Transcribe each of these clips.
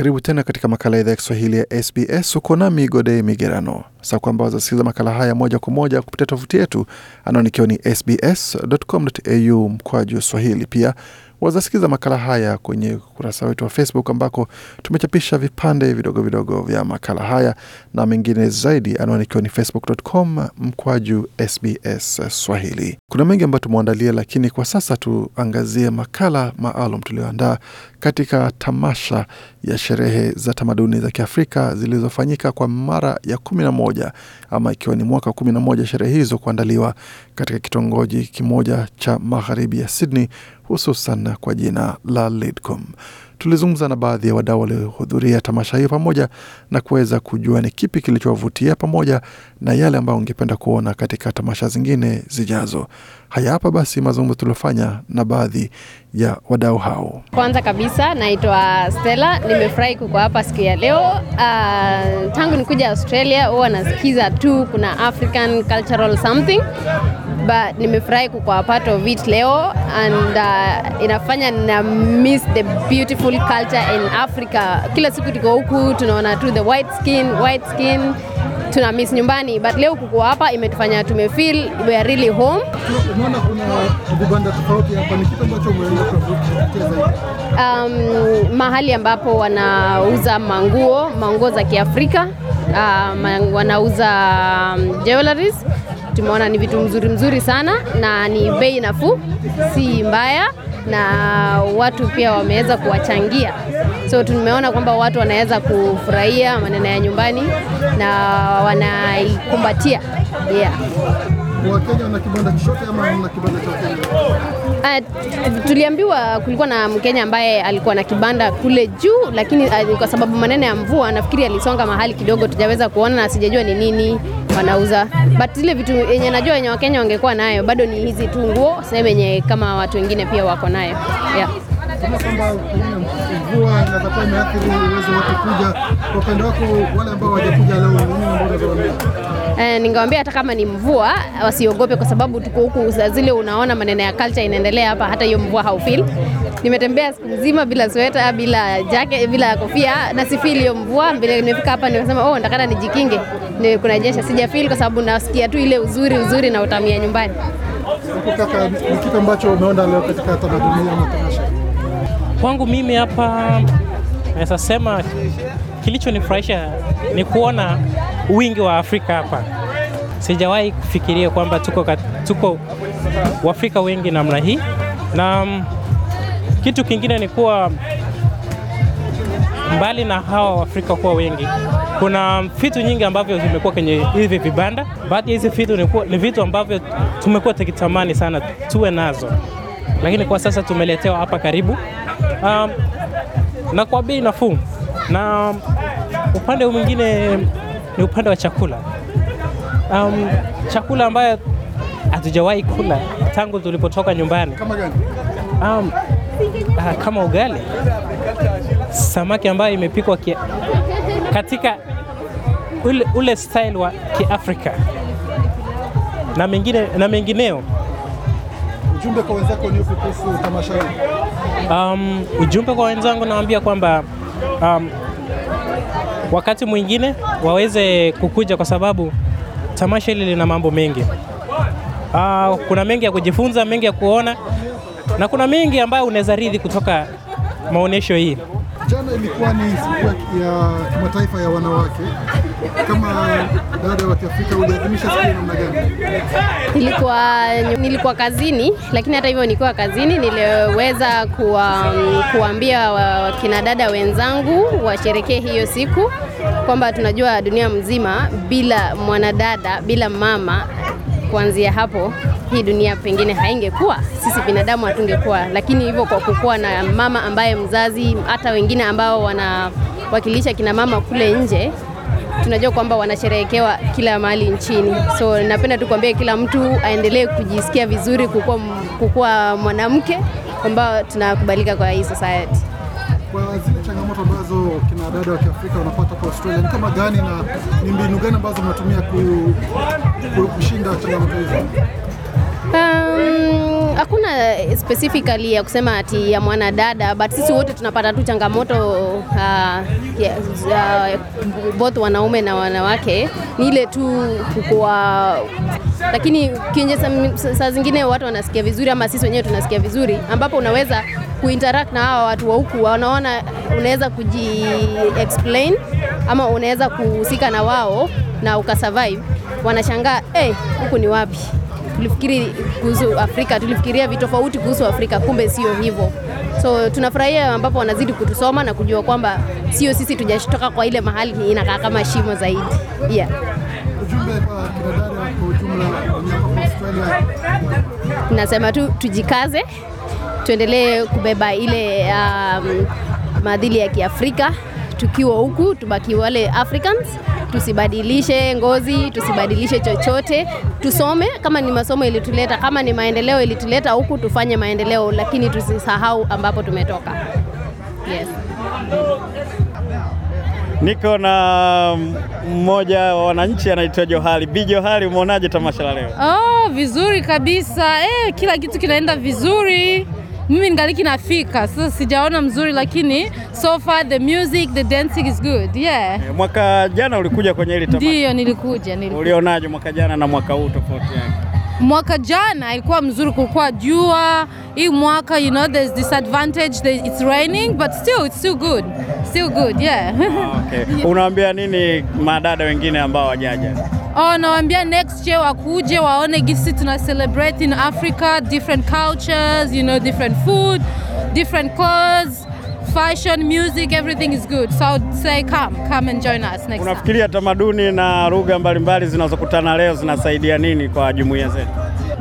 Karibu tena katika makala ya idhaa ya Kiswahili ya SBS. Uko nami Godei Migerano. Sasa kwamba wazasikiliza makala haya moja kwa moja kupitia tovuti yetu anaonikiwa ni sbs.com.au mkwaju Swahili. Pia wazasikiza makala haya kwenye ukurasa wetu wa Facebook ambako tumechapisha vipande vidogo vidogo vya makala haya na mengine zaidi, anwani ikiwa ni facebook.com mkwaju SBS Swahili. Kuna mengi ambayo tumeandalia, lakini kwa sasa tuangazie makala maalum tulioandaa katika tamasha ya sherehe za tamaduni za Kiafrika zilizofanyika kwa mara ya kumi na moja ama ikiwa ni mwaka kumi na moja sherehe hizo kuandaliwa katika kitongoji kimoja cha magharibi ya Sydney, hususan kwa jina la Lidcombe. Tulizungumza na baadhi ya wadau waliohudhuria tamasha hiyo pamoja na kuweza kujua ni kipi kilichowavutia pamoja na yale ambayo ungependa kuona katika tamasha zingine zijazo. Haya hapa basi mazungumzo tuliofanya na baadhi ya wadau hao. Kwanza kabisa naitwa Stella, nimefurahi kuko hapa siku ya leo. Uh, tangu nikuja Australia huwa nasikiza tu kuna African cultural something but nimefurahi kuko part of it leo and uh, inafanya na miss the beautiful beautiful culture in Africa. Kila siku tuko huku tunaona tu the white skin, white skin tuna miss nyumbani, but leo kuko hapa imetufanya tumefeel we are really home. Unaona kuna vibanda tofauti hapa, ni kitu ambacho umeenda um, mahali ambapo wanauza manguo manguo za Kiafrika uh, wanauza um, jewelries tumeona ni vitu mzuri mzuri sana na ni bei nafuu, si mbaya na watu pia wameweza kuwachangia, so tumeona kwamba watu wanaweza kufurahia maneno ya nyumbani na wanaikumbatia yeah. Wakenya wana kibanda chochote ama hamna kibanda cha Wakenya? Uh, tuliambiwa kulikuwa na Mkenya ambaye alikuwa na kibanda kule juu, lakini uh, kwa sababu maneno ya mvua nafikiri alisonga mahali kidogo, tujaweza kuona na sijajua ni nini wanauza, but zile vitu yenye najua yenye Wakenya wangekuwa nayo bado ni hizi tu nguo sehemu yenye kama watu wengine pia wako nayo yeah kama kwamba mvua inaweza kuwa imeathiri uwezo wa kuja. Kwa upande wako, wale ambao hawajakuja leo, nini ambao utawaambia? Eh, ningewaambia hata kama ni mvua wasiogope, kwa sababu tuko huku zile, unaona maneno ya culture inaendelea hapa, hata hiyo mvua haufeel. Nimetembea siku nzima bila sweta, bila jacket, bila kofia na sifeel hiyo mvua. Mbele nimefika hapa nimesema, oh, nataka nijikinge, ni kuna jesha, sija feel kwa sababu nasikia tu ile uzuri uzuri na utamia nyumbani. Kaka, ni kitu ambacho umeona leo katika tamaduni ya tamasha. Kwangu mimi hapa naweza sema kilichonifurahisha ni kuona wingi wa Afrika hapa. Sijawahi kufikiria kwamba tuko, tuko Waafrika wengi namna hii, na mm, kitu kingine ni kuwa mbali na hawa Waafrika kuwa wengi, kuna mm, vitu nyingi ambavyo zimekuwa kwenye hivi vibanda. Baadhi ya hizi vitu ni vitu ambavyo tumekuwa tukitamani sana tuwe nazo, lakini kwa sasa tumeletewa hapa karibu um, na kwa bei nafuu. Na upande mwingine ni upande wa chakula um, chakula ambayo hatujawahi kula tangu tulipotoka nyumbani um, uh, kama ugali, samaki ambayo imepikwa kia, katika ule, ule style wa Kiafrika na mengine na mengineo. Ujumbe kwa wenzako ni upi kuhusu tamasha hili? Um, ujumbe kwa wenzangu nawaambia kwamba um, wakati mwingine waweze kukuja kwa sababu tamasha hili lina mambo mengi. Uh, kuna mengi ya kujifunza, mengi ya kuona na kuna mengi ambayo unaweza ridhi kutoka maonyesho hii. Jana ilikuwa ni siku ya kimataifa ya wanawake kama dada wa Kiafrika unaadhimisha siku namna gani? Nilikuwa nilikuwa kazini, lakini hata hivyo nilikuwa kazini, niliweza kuwa, mm, kuambia wakina dada wenzangu washerekee hiyo siku kwamba tunajua dunia mzima bila mwanadada, bila mama, kuanzia hapo hii dunia pengine haingekuwa, sisi binadamu hatungekuwa. Lakini hivyo kwa kukuwa na mama ambaye mzazi, hata wengine ambao wanawakilisha kina mama kule nje tunajua kwamba wanasherehekewa kila mahali nchini. So napenda tu kuambia kila mtu aendelee kujisikia vizuri kukuwa, kukua mwanamke kwamba tunakubalika kwa hii society. Kwa zile changamoto ambazo kina dada wa Kiafrika wanapata kwa Australia ni kama gani na ni mbinu gani ambazo mnatumia kushinda changamoto hizo? Um, hakuna um, specifically ya kusema ati ya mwanadada, but sisi wote tunapata tu changamoto uh, yes, uh, both wanaume na wanawake ni ile tu kukua, lakini kinje saa zingine watu wanasikia vizuri ama sisi wenyewe tunasikia vizuri, ambapo unaweza kuinteract na hawa watu wa huku, wanaona unaweza kuji explain ama unaweza kuhusika na wao na ukasurvive, wanashangaa eh, hey, huku ni wapi? tulifikiri kuhusu Afrika, tulifikiria vitu tofauti kuhusu Afrika, kumbe sio hivyo. So tunafurahia ambapo wanazidi kutusoma na kujua kwamba sio sisi tujashtoka kwa ile mahali ni inakaa kama shimo zaidi. Yeah. Nasema tu tujikaze, tuendelee kubeba ile um, maadili ya Kiafrika tukiwa huku, tubaki wale Africans tusibadilishe ngozi, tusibadilishe chochote, tusome. Kama ni masomo ilituleta, kama ni maendeleo ilituleta huku, tufanye maendeleo, lakini tusisahau ambapo tumetoka. Yes. Niko na mmoja wa wananchi anaitwa Johari. Bi Johari, umeonaje tamasha la leo? Oh, vizuri kabisa. Eh, kila kitu kinaenda vizuri mimi ningali nafika sasa, sijaona mzuri, lakini so far the music the dancing is good yeah. E, mwaka jana ulikuja kwenye hili tamasha? Ndio, nilikuja, nilikuja. Ulionaje mwaka jana na mwaka huu tofauti yake? Mwaka jana ilikuwa mzuri, kulikuwa jua. Hii mwaka you know there's disadvantage that it's raining but still it's still good still good yeah. Ah, okay. Unawaambia nini madada wengine ambao wajaja? Oh, nawaambia next year wakuje waone gisi tuna celebrate in Africa, different cultures, you know, different food, different clothes, fashion, music, everything is good. So I say come, come and join us next Unafikiria tamaduni na lugha mbalimbali zinazokutana leo zinasaidia nini kwa jumuiya zetu?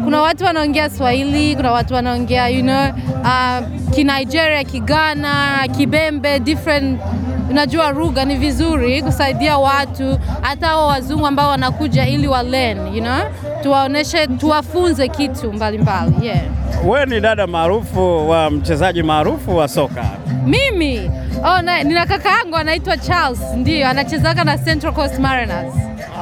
Kuna watu wanaongea Swahili, kuna watu wanaongea you know, uh, ki Nigeria, ki Ghana, Kibembe, different unajua lugha ni vizuri kusaidia watu hata hao wazungu ambao wanakuja ili walen you know, tuwaoneshe tuwafunze kitu mbalimbali mbali. Yeah. Wewe ni dada maarufu wa mchezaji maarufu wa soka. Mimi oh, na, nina kaka yangu anaitwa Charles, ndio anachezaka na Central Coast Mariners.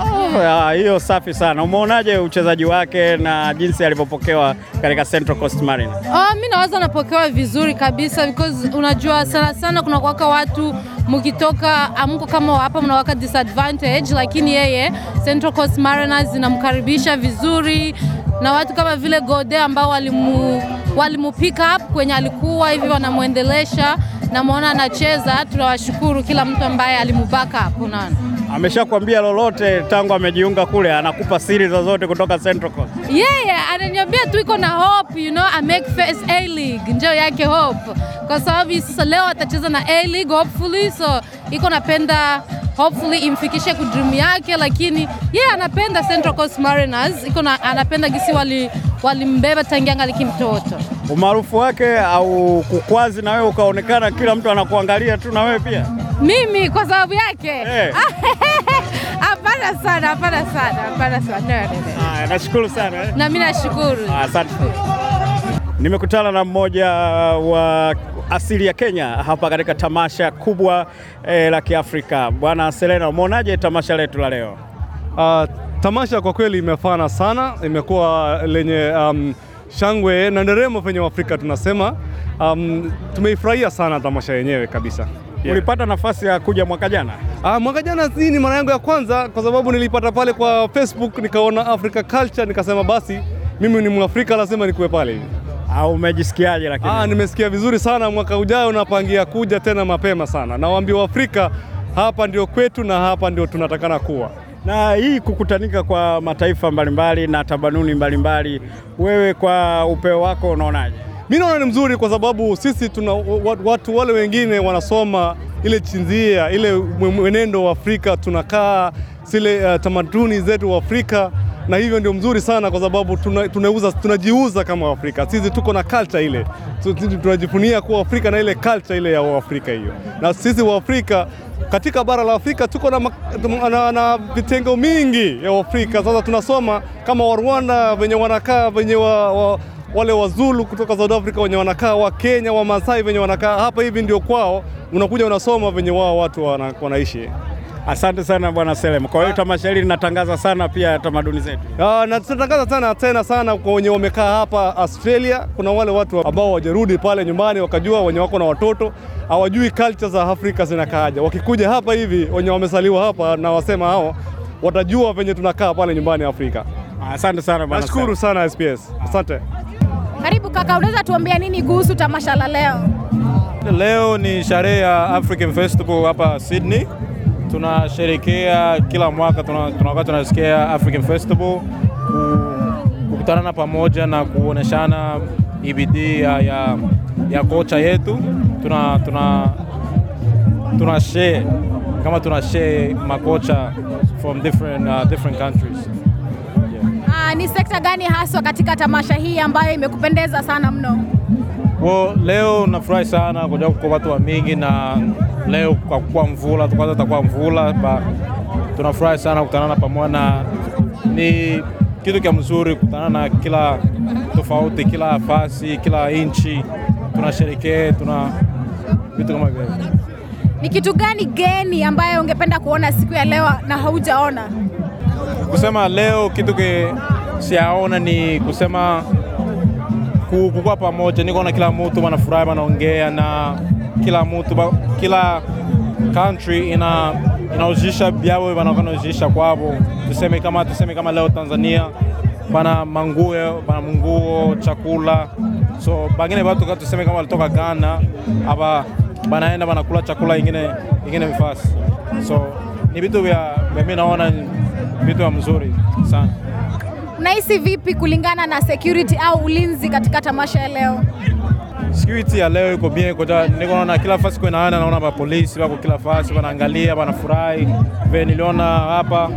Oh, hiyo safi sana. Umeonaje uchezaji wake na jinsi alivyopokewa katika Central Coast Mariners? Oh, mimi nawaza anapokewa vizuri kabisa because unajua sana sana kuna kwaka watu mkitoka amko kama hapa mnawaka disadvantage, lakini yeye Central Coast Mariners inamkaribisha vizuri na watu kama vile Gode ambao walimu, walimu pick up kwenye alikuwa hivi wanamwendelesha, namwona anacheza. Tunawashukuru kila mtu ambaye alimu back up, unaona ameshakwambia lolote tangu amejiunga kule? Anakupa siri zozote kutoka Central Coast? Yeye yeah, ananiambia tu iko na hope, you know, I make first A League, njoo yake hope, kwa sababu sasa leo atacheza na A League hopefully, so iko napenda hopefully imfikishe kudream yake, lakini yeye yeah, anapenda Central Coast Mariners, iko na anapenda gisi wali walimbeba tangia ngaliki mtoto umaarufu wake au kukwazi na wewe ukaonekana, kila mtu anakuangalia tu na wewe pia mm -hmm mimi kwa sababu yake eh. hapana. Sana, hapana sana, hapana sana. Nashukuru sana eh? Na mimi nashukuru, ah, asante. Nimekutana na mmoja uh, wa asili ya Kenya hapa katika tamasha kubwa eh, la Kiafrika. Bwana Selena, umeonaje tamasha letu la leo? Uh, tamasha kwa kweli imefana sana, imekuwa lenye um, shangwe na nderemo venye Waafrika tunasema. Um, tumeifurahia sana tamasha yenyewe kabisa yeah. Ulipata nafasi ya kuja mwaka jana? Ah, mwaka jana hii ni mara yangu ya kwanza, kwa sababu nilipata pale kwa Facebook nikaona Africa Culture, nikasema basi mimi ni Mwafrika, lazima nikuwe pale hivi. Ah, umejisikiaje? Lakini ah, nimesikia vizuri sana. Mwaka ujao napangia kuja tena mapema sana, nawaambia Waafrika hapa ndio kwetu na hapa ndio tunatakana kuwa na hii kukutanika kwa mataifa mbalimbali na tabanuni mbalimbali, wewe kwa upeo wako unaonaje? Mimi naona ni mzuri kwa sababu sisi tuna watu wale wengine wanasoma ile chinzia ile mwenendo wa Afrika, tunakaa zile uh, tamaduni zetu wa Afrika, na hivyo ndio mzuri sana kwa sababu tuna, tuna tunajiuza kama Afrika. Sisi tuko na culture ile, tunajifunia kuwa Afrika na ile culture ile ya Waafrika hiyo, na sisi Waafrika katika bara la Afrika tuko na, na, na vitengo mingi ya Afrika. Sasa tunasoma kama Warwanda venye wanakaa venye wa, wa wale Wazulu kutoka South Africa wenye wanakaa wa Kenya, wa Masai wenye wanakaa hapa hivi ndio kwao, unakuja unasoma venye wao watu wana, wanaishi. Asante sana bwana Selem. Kwa hiyo tamasha hili linatangaza sana pia tamaduni zetu, ah, tunatangaza sana tena sana kwa wenye wamekaa hapa Australia. Kuna wale watu ambao wajarudi pale nyumbani wakajua, wenye wako na watoto hawajui culture za Afrika zinakaaja, wakikuja hapa hivi wenye wamesaliwa hapa na wasema hao watajua venye tunakaa pale nyumbani Afrika. Asante sana bwana. Nashukuru sana SPS. Asante. Karibu kaka, unaweza tuambia nini kuhusu tamasha la leo? Leo ni sherehe ya African Festival hapa Sydney. Tunasherekea kila mwaka tunakuwa tunasikia African Festival kukutanana pamoja na kuoneshana ibidii e ya, ya, ya kocha yetu tuna, tuna, tuna share kama tuna share makocha from different, uh, different countries ni sekta gani haswa katika tamasha hii ambayo imekupendeza sana mno? Well, leo nafurahi sana kwa watu wa mingi na leo kwa kuwa mvula kwanza takuwa mvula ba, tunafurahi sana kutanana pamoja. na Ni kitu kya mzuri kukutana na kila tofauti, kila fasi, kila inchi, tunasherekea tuna vitu kama hivyo. Ni kitu gani geni ambayo ungependa kuona siku ya leo na haujaona? Kusema leo kitu ke siaona ni kusema kukuwa pamoja, niko na kila mutu wanafurahi, wanaongea na kila mutu, kila country ina inaozisha byao wanaozisha kwavo. Tuseme kama tuseme kama leo Tanzania bana manguo bana munguo chakula, so bangine batu tuseme kama walitoka Ghana aba banaenda banakula chakula ingine ingine mifasi, so ni vitu vya mimi naona vitu vya mzuri sana. Unahisi vipi kulingana na security au ulinzi katika tamasha ya leo? Security ya leo iko bien, niko naona kila fasi kwa ana naona mapolisi wako kila fasi wanaangalia, wanafurahi. Vile niliona hapa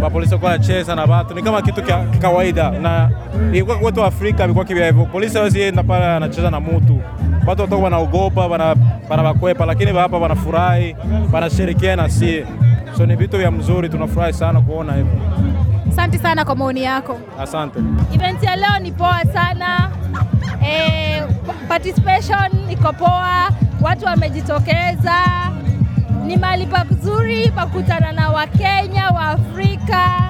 mapolisi wako wanacheza na watu, ni kama kitu kia kawaida, na ilikuwa kwetu Afrika ilikuwa kivya hivyo. Polisi hawezi enda pale anacheza na mutu, watu watakuwa wanaogopa, wakwepa, lakini hapa wanafurahi, wanashirikiana na sie, so ni vitu vya mzuri, tunafurahi sana kuona hivyo. Asante sana kwa maoni yako. Asante. Event ya leo ni poa sana e, participation iko poa, watu wamejitokeza, ni mahali pazuri pakutana na Wakenya wa Afrika,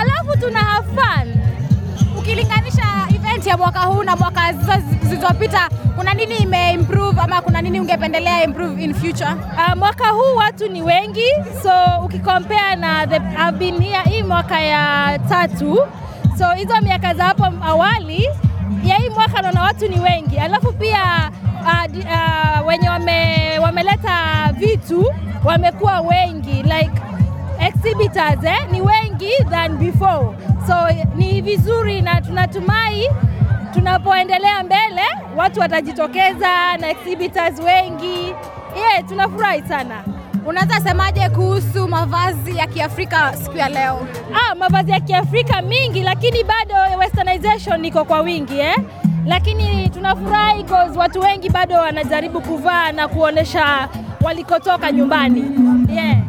alafu tuna have fun ukilinganisha event ya mwaka huu na mwaka zilizopita, kuna nini ime improve ama kuna nini ungependelea improve in future? Uh, mwaka huu watu ni wengi, so ukikompea na the I've been here hii mwaka ya tatu, so hizo miaka za hapo awali ya hii mwaka naona watu ni wengi, alafu pia uh, uh, wenye wame, wameleta vitu wamekuwa wengi like exhibitors eh, ni wengi than before, so ni vizuri na tunatumai tunapoendelea mbele watu watajitokeza na exhibitors wengi. Yeah, tunafurahi sana. Unaweza semaje kuhusu mavazi ya Kiafrika siku ya leo? Ah, mavazi ya Kiafrika mingi, lakini bado westernization iko kwa wingi eh? Lakini tunafurahi cause watu wengi bado wanajaribu kuvaa na kuonesha walikotoka nyumbani yeah.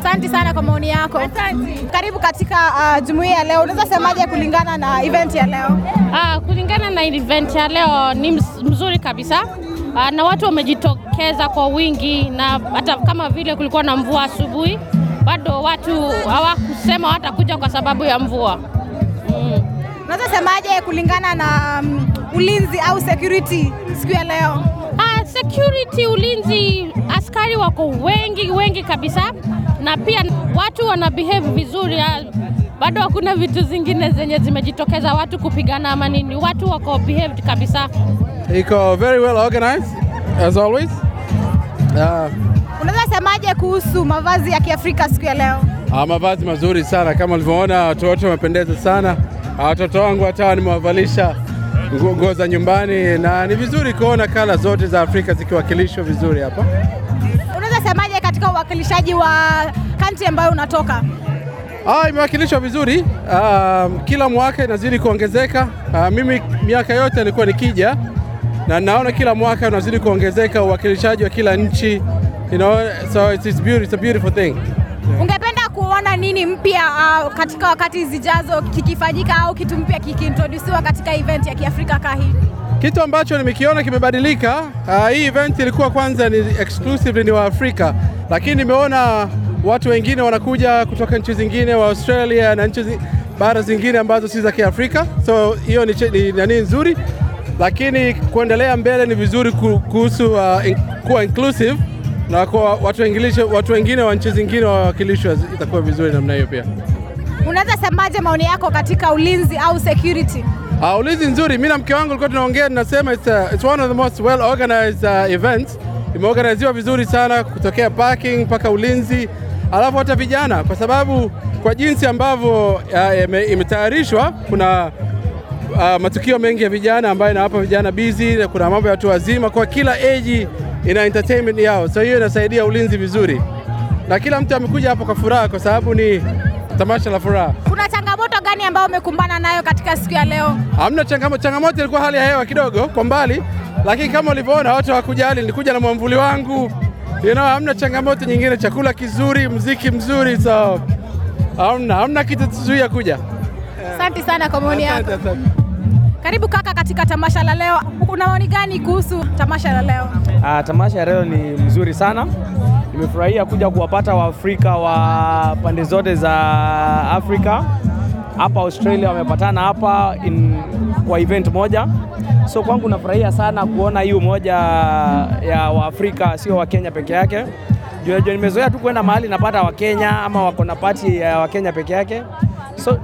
Asante sana kwa maoni yako. Asante. Karibu katika uh, jumuiya ya leo. Unaweza semaje kulingana na event ya leo? Ah, kulingana na event ya leo ni mzuri kabisa. Uh, na watu wamejitokeza kwa wingi na hata kama vile kulikuwa na mvua asubuhi, bado watu hawakusema watakuja kwa sababu ya mvua. Mm. semaje kulingana na um, ulinzi au security siku ya leo? Ah, security, ulinzi, askari wako wengi wengi kabisa na pia watu wana behave vizuri ya, bado hakuna vitu zingine zenye zimejitokeza watu kupigana ama nini, watu wako behaved kabisa, iko very well organized as always. Uh, unaweza semaje kuhusu mavazi ya Kiafrika siku ya leo? Ah, mavazi mazuri sana kama ulivyoona, watu wote wamependeza sana. Ah, watoto wangu hata nimewavalisha nguo za nyumbani na ni vizuri kuona kala zote za Afrika zikiwakilishwa vizuri hapa katika uwakilishaji wa kanti ambayo unatoka? Ah, imewakilishwa vizuri. Uh, kila mwaka inazidi kuongezeka. Uh, mimi miaka yote nilikuwa nikija na naona kila mwaka unazidi kuongezeka uwakilishaji wa kila nchi, you know, so it's, it's, beautiful, it's a beautiful thing. Ungependa kuona nini mpya uh, katika wakati zijazo kikifanyika au kitu mpya kikiintrodusiwa katika event ya Kiafrika kaa kitu ambacho nimekiona kimebadilika, uh, hii event ilikuwa kwanza ni exclusively ni wa Afrika, lakini nimeona watu wengine wanakuja kutoka nchi zingine wa Australia na nchi bara zingine ambazo si za Kiafrika, so hiyo ni nani nzuri, lakini kuendelea mbele ni vizuri kuhusu uh, in, kuwa inclusive na kwa watu wengine watu wengine wa nchi zingine wawakilishwa, itakuwa vizuri namna hiyo. Pia unaweza semaje maoni yako katika ulinzi au security? Uh, ulizi nzuri. Mimi na mke wangu tulikuwa tunaongea tunasema it's, uh, it's one of the most well organized uh, events. Imeorganiziwa vizuri sana kutokea parking mpaka ulinzi, alafu hata vijana, kwa sababu kwa jinsi ambavyo uh, imetayarishwa kuna uh, matukio mengi ya vijana ambayo inawapa vijana bizi, kuna mambo ya watu wazima, kwa kila age ina entertainment yao, so hiyo inasaidia ulinzi vizuri, na kila mtu amekuja hapo kwa furaha, kwa sababu ni tamasha la furaha gani ambayo umekumbana nayo katika siku ya leo? Hamna changamoto. Changamoto ilikuwa hali ya hewa kidogo kwa mbali, lakini kama ulivyoona watu hawakujali, nilikuja na mwamvuli wangu you know, hamna changamoto nyingine. Chakula kizuri, mziki mzuri, so hamna hamna kitu tuzuia kuja. Asante sana kwa maoni yako. Karibu kaka katika tamasha la leo. Una maoni gani kuhusu tamasha la leo? Ah, tamasha ya leo ni mzuri sana. Nimefurahia kuja kuwapata Waafrika wa pande zote za Afrika hapa Australia wamepatana hapa in, kwa event moja. So kwangu nafurahia sana kuona hii umoja ya Waafrika, sio Wakenya peke yake. Jua nimezoea tu kwenda mahali napata Wakenya ama wako na pati ya Wakenya peke yake so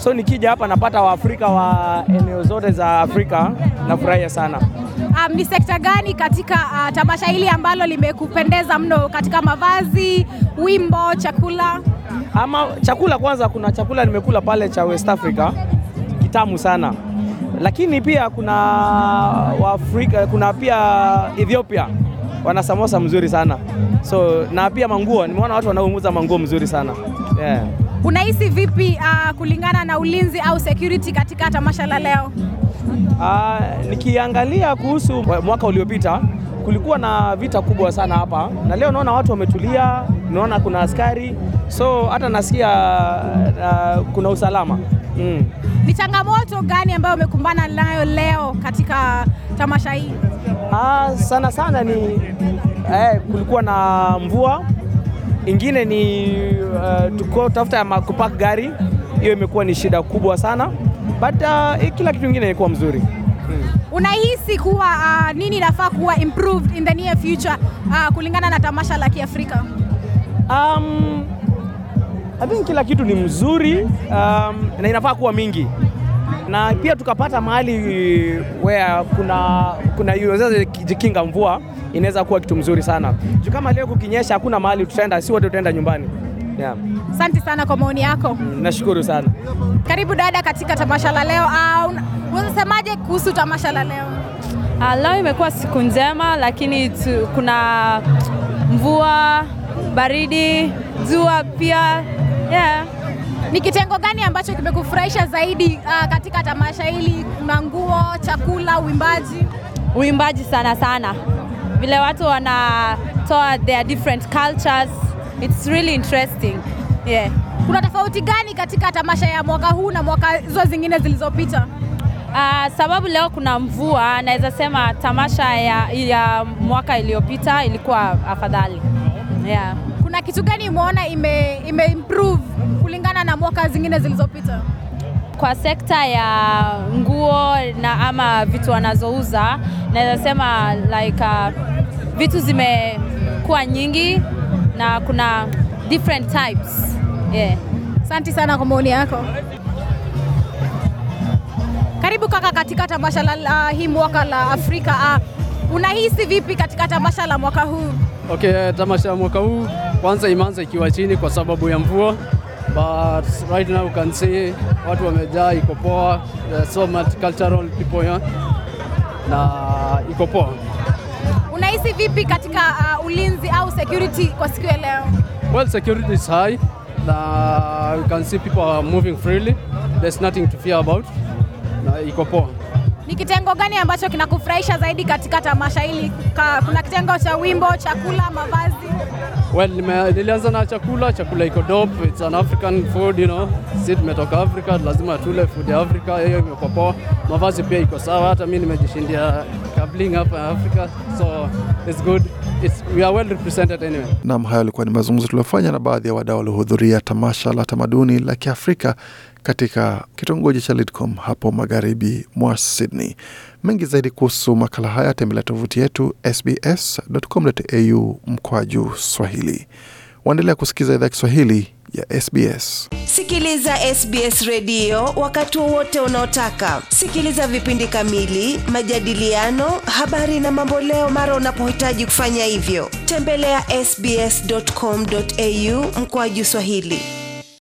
So nikija hapa napata Waafrika wa eneo zote za Afrika, nafurahia sana. Um, ni sekta gani katika uh, tamasha hili ambalo limekupendeza mno katika mavazi, wimbo, chakula? Ama chakula kwanza, kuna chakula nimekula pale cha West Africa kitamu sana, lakini pia kuna Waafrika, kuna pia Ethiopia wana samosa mzuri sana so, na pia manguo nimeona watu wanaouza manguo mzuri sana yeah. Unahisi vipi uh, kulingana na ulinzi au security katika tamasha la leo? Uh, nikiangalia kuhusu mwaka uliopita kulikuwa na vita kubwa sana hapa, na leo naona watu wametulia, naona kuna askari, so hata nasikia uh, kuna usalama mm. Ni changamoto gani ambayo umekumbana nayo leo katika tamasha hii? Uh, sana sana ni eh, kulikuwa na mvua Ingine ni uh, tafuta kupark gari, hiyo imekuwa ni shida kubwa sana but uh, kila kitu ingine ilikuwa mzuri hmm. Unahisi kuwa uh, nini inafaa kuwa improved in the near future uh, kulingana na tamasha la Kiafrika? Um, I think kila kitu ni mzuri um, na inafaa kuwa mingi na pia tukapata mahali uh, where kuna kuna kujikinga mvua inaweza kuwa kitu mzuri sana juu kama leo kukinyesha, hakuna mahali tutaenda, si wote tutaenda nyumbani. Asante sana kwa maoni yako. Mm, nashukuru sana. Karibu dada katika tamasha la leo. Unasemaje kuhusu tamasha la leo? Uh, leo imekuwa siku njema lakini tu, kuna mvua, baridi, jua pia yeah. Ni kitengo gani ambacho kimekufurahisha zaidi uh, katika tamasha hili? Kuna nguo, chakula, uimbaji? uimbaji sana sana, vile watu wanatoa their different cultures, it's really interesting yeah. Kuna tofauti gani katika tamasha ya mwaka huu na mwaka hizo zingine zilizopita? Uh, sababu leo kuna mvua, naweza sema tamasha ya, ya mwaka iliyopita ilikuwa afadhali yeah. Kuna kitu gani umeona ime, ime improve kulingana na mwaka zingine zilizopita? Kwa sekta ya nguo na ama vitu wanazouza naweza sema like uh, vitu zimekuwa nyingi na kuna different types yeah. Asante sana kwa maoni yako. Karibu kaka katika tamasha la uh, hii mwaka la Afrika uh, unahisi vipi katika tamasha la mwaka huu? Okay, eh, tamasha la mwaka huu kwanza imeanza ikiwa chini kwa sababu ya mvua but right now you can see watu wamejaa, iko poa, so much cultural people here na iko poa. Unahisi vipi katika uh, ulinzi au security kwa siku ya leo? Well, security is high na you can see people are moving freely, there's nothing to fear about na iko poa. Ni kitengo gani ambacho kinakufurahisha zaidi katika tamasha hili? Kuna kitengo cha wimbo, chakula, mavazi? Well, nilianza na chakula. Chakula iko dope, it's an African food you know. Sisi tumetoka Afrika, lazima tule food ya Afrika. Hiyo iko poa. Mavazi pia iko sawa, hata mimi nimejishindia kabling hapa Africa, so it's good. It's, we are well represented anyway. Naam, hayo alikuwa ni mazungumzo tuliyofanya na baadhi ya wadau waliohudhuria tamasha la tamaduni la Kiafrika katika kitongoji cha Lidcombe hapo magharibi mwa Sydney. Mengi zaidi kuhusu makala haya tembelea tovuti yetu sbs.com.au mkwa juu Swahili. Waendelea kusikiliza idhaa Kiswahili ya SBS. Sikiliza SBS redio wakati wowote unaotaka. Sikiliza vipindi kamili, majadiliano, habari na mamboleo mara unapohitaji kufanya hivyo. Tembelea ya sbs.com.au juu Swahili.